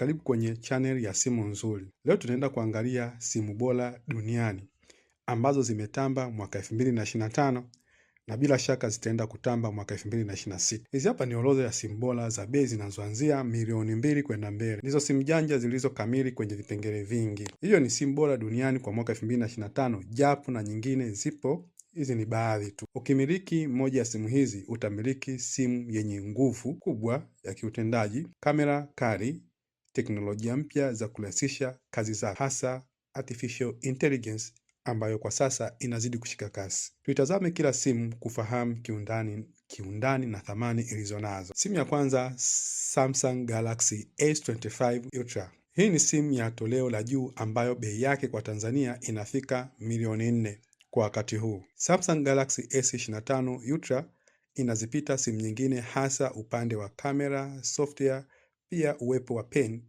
Karibu kwenye channel ya simu nzuri. Leo tunaenda kuangalia simu bora duniani ambazo zimetamba mwaka 2025 na bila shaka zitaenda kutamba mwaka 2026. Hizi hapa ni orodha ya simu bora za bei zinazoanzia milioni mbili kwenda mbele. Ndizo simu janja zilizokamili kwenye vipengele vingi. Hiyo ni simu bora duniani kwa mwaka 2025, japo na nyingine zipo hizi ni baadhi tu. Ukimiliki moja ya simu hizi utamiliki simu yenye nguvu kubwa ya kiutendaji, kamera kali, teknolojia mpya za kurahisisha kazi zao, hasa artificial intelligence ambayo kwa sasa inazidi kushika kasi. Tuitazame kila simu kufahamu kiundani kiundani na thamani ilizo nazo. Simu ya kwanza Samsung Galaxy S25 Ultra. Hii ni simu ya toleo la juu ambayo bei yake kwa Tanzania inafika milioni nne kwa wakati huu. Samsung Galaxy S25 Ultra inazipita simu nyingine hasa upande wa kamera, software, pia uwepo wa pen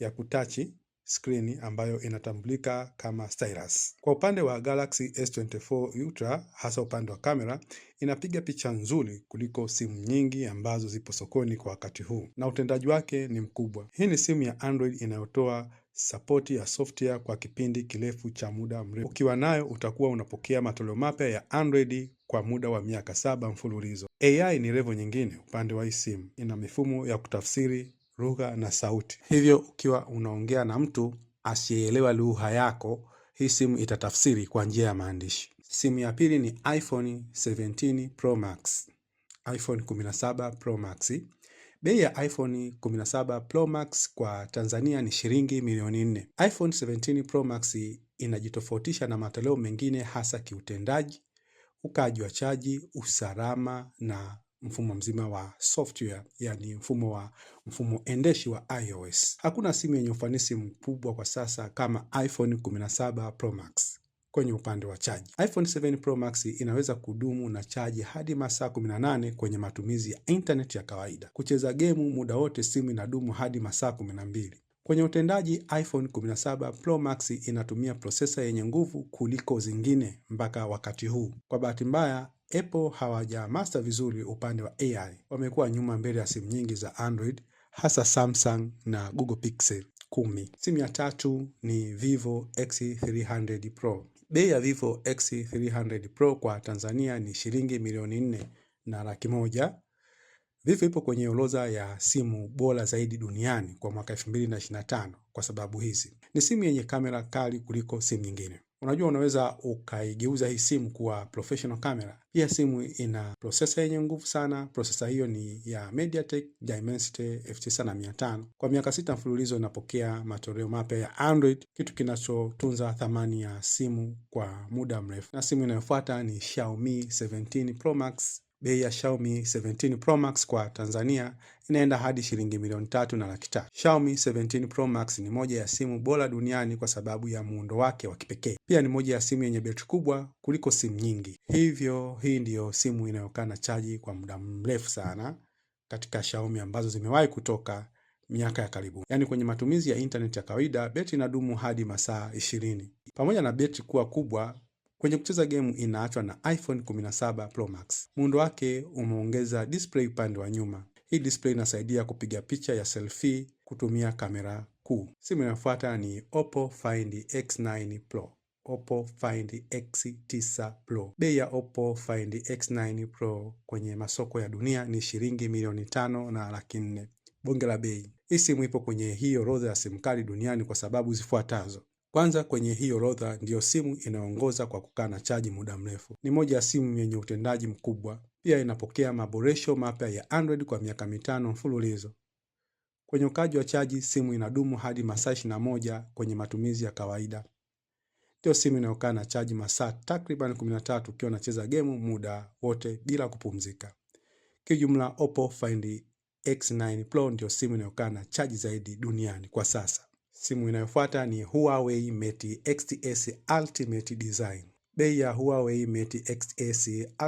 ya kutachi skrini ambayo inatambulika kama stylus. Kwa upande wa Galaxy S24 Ultra, hasa upande wa kamera, inapiga picha nzuri kuliko simu nyingi ambazo zipo sokoni kwa wakati huu na utendaji wake ni mkubwa. Hii ni simu ya Android inayotoa sapoti ya software kwa kipindi kirefu cha muda mrefu. Ukiwa nayo utakuwa unapokea matoleo mapya ya Android kwa muda wa miaka saba mfululizo. AI ni levo nyingine upande wa hii simu. Ina mifumo ya kutafsiri lugha na sauti. Hivyo ukiwa unaongea na mtu asiyeelewa lugha yako, hii simu itatafsiri kwa njia ya maandishi. Simu ya pili ni iPhone 17 Pro Max, iPhone 17 Pro Max. Bei ya iPhone 17 Pro Max kwa Tanzania ni shilingi milioni nne. iPhone 17 Pro Max inajitofautisha na matoleo mengine hasa kiutendaji, ukaji wa chaji, usalama na mfumo mzima wa software, yani mfumo wa mfumo endeshi wa iOS. Hakuna simu yenye ufanisi mkubwa kwa sasa kama iPhone 17 Pro Max kwenye upande wa chaji. iPhone 7 Pro Max inaweza kudumu na chaji hadi masaa 18 kwenye matumizi ya internet ya kawaida. Kucheza gemu muda wote, simu inadumu hadi masaa 12. Kwenye utendaji iPhone 17 Pro Max inatumia prosesa yenye nguvu kuliko zingine mpaka wakati huu. Kwa bahati mbaya, Apple master vizuri upande wa AI. Wamekuwa nyuma mbele ya simu nyingi za Android, hasa Samsung na Google Pixel 10. Simu ya tatu ni Vivo X300 Pro. Bei ya Vivo X300 Pro kwa Tanzania ni shilingi milioni nne na laki moja. Vivo ipo kwenye orodha ya simu bora zaidi duniani kwa mwaka 2025 kwa sababu hizi: ni simu yenye kamera kali kuliko simu nyingine Unajua, unaweza ukaigeuza hii simu kuwa professional camera. Pia simu ina processor yenye nguvu sana. Processor hiyo ni ya MediaTek Dimensity 9500. Kwa miaka sita mfululizo inapokea matoleo mapya ya Android, kitu kinachotunza thamani ya simu kwa muda mrefu. Na simu inayofuata ni Xiaomi 17 Pro Max bei ya Xiaomi 17 Pro Max kwa Tanzania inaenda hadi shilingi milioni tatu na laki tatu. Xiaomi 17 Pro Max ni moja ya simu bora duniani kwa sababu ya muundo wake wa kipekee. Pia ni moja ya simu yenye betri kubwa kuliko simu nyingi, hivyo hii ndiyo simu inayokaa na chaji kwa muda mrefu sana katika Xiaomi ambazo zimewahi kutoka miaka ya karibuni. Yaani, kwenye matumizi ya intaneti ya kawaida, betri inadumu hadi masaa ishirini. Pamoja na betri kuwa kubwa Kwenye kucheza gemu inaachwa na iPhone 17 Pro Max. Muundo wake umeongeza display upande wa nyuma. Hii display inasaidia kupiga picha ya selfie kutumia kamera kuu. Simu inayofuata ni Oppo Find X9 Pro. Oppo Find X9 Pro. Bei ya Oppo Find X9 Pro kwenye masoko ya dunia ni shilingi milioni tano na laki nne, bonge la bei. Hii simu ipo kwenye hii orodha ya simu kali duniani kwa sababu zifuatazo. Kwanza kwenye hii orodha ndiyo simu inayoongoza kwa kukaa na chaji muda mrefu. Ni moja ya simu yenye utendaji mkubwa, pia inapokea maboresho mapya ya Android kwa miaka mitano mfululizo. Kwenye ukaaji wa chaji, simu inadumu hadi masaa moja kwenye matumizi ya kawaida. Ndiyo simu inayokaa na chaji masaa takriban 13 ukiwa unacheza gemu muda wote bila kupumzika. Kijumla, Oppo Find X9 Pro ndiyo simu inayokaa na chaji zaidi duniani kwa sasa. Simu inayofuata ni Huawei Mate x Ultimate Design. Bei ya Huawei Mate x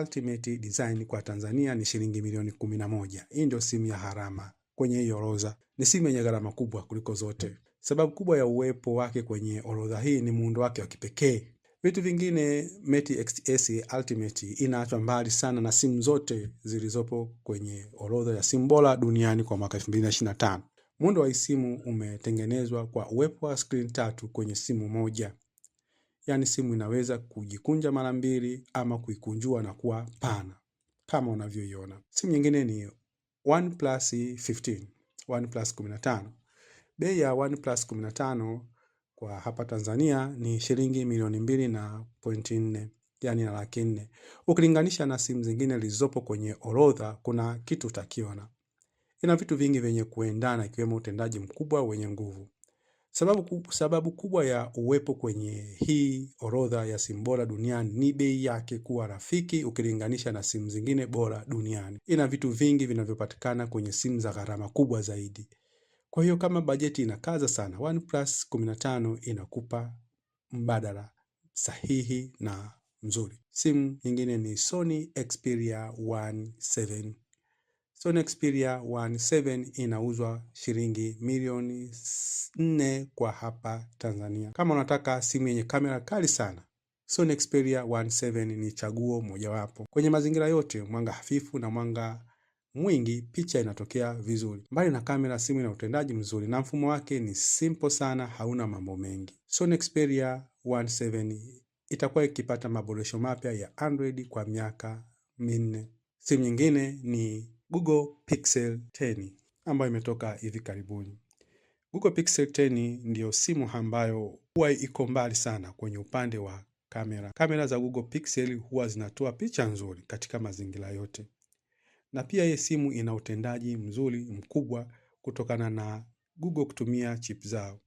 Ultimate Design kwa Tanzania ni shilingi milioni 11. Hii ndio simu ya harama kwenye hii orodha. Ni simu yenye gharama kubwa kuliko zote. Sababu kubwa ya uwepo wake kwenye orodha hii ni muundo wake wa kipekee. Vitu vingine, Mate x Ultimate inaachwa mbali sana na simu zote zilizopo kwenye orodha ya simu bora duniani kwa mwaka 2025. Muundo wa isimu simu umetengenezwa kwa uwepo wa skrini tatu kwenye simu moja, yaani simu inaweza kujikunja mara mbili ama kuikunjua na kuwa pana kama unavyoiona. Simu nyingine ni OnePlus 15, OnePlus 15. Bei ya OnePlus 15 kwa hapa Tanzania ni shilingi milioni mbili na pointi nne yani na laki nne. Ukilinganisha na simu zingine zilizopo kwenye orodha, kuna kitu utakiona ina vitu vingi vyenye kuendana ikiwemo utendaji mkubwa wenye nguvu. Sababu, sababu kubwa ya uwepo kwenye hii orodha ya simu bora duniani ni bei yake kuwa rafiki ukilinganisha na simu zingine bora duniani. Ina vitu vingi vinavyopatikana kwenye simu za gharama kubwa zaidi. Kwa hiyo kama bajeti inakaza sana, OnePlus 15 inakupa mbadala sahihi na mzuri. Simu nyingine ni Sony Xperia 170 So Nexperia 17 inauzwa shilingi milioni 4 kwa hapa Tanzania. Kama unataka simu yenye kamera kali sana, Sony Xperia 17 ni chaguo mojawapo. Kwenye mazingira yote, mwanga hafifu na mwanga mwingi, picha inatokea vizuri. Mbali na kamera, simu ina utendaji mzuri na mfumo wake ni simple sana, hauna mambo mengi. Sony Xperia 17 itakuwa ikipata maboresho mapya ya Android kwa miaka minne. Simu nyingine ni Google Pixel 10 ambayo imetoka hivi karibuni. Google Pixel 10 ndiyo simu ambayo huwa iko mbali sana kwenye upande wa kamera. Kamera za Google Pixel huwa zinatoa picha nzuri katika mazingira yote, na pia hii simu ina utendaji mzuri mkubwa kutokana na Google kutumia chip zao,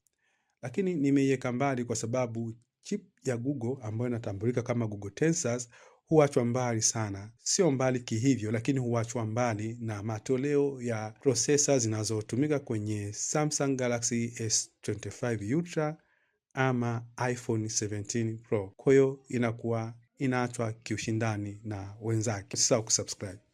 lakini nimeiweka mbali kwa sababu chip ya Google ambayo inatambulika kama Google Tensors huachwa mbali sana, sio mbali kihivyo, lakini huachwa mbali na matoleo ya prosesa zinazotumika kwenye Samsung Galaxy S25 Ultra ama iPhone 17 Pro. Kwa hiyo inakuwa inaachwa kiushindani na wenzake. Usisahau kusubscribe.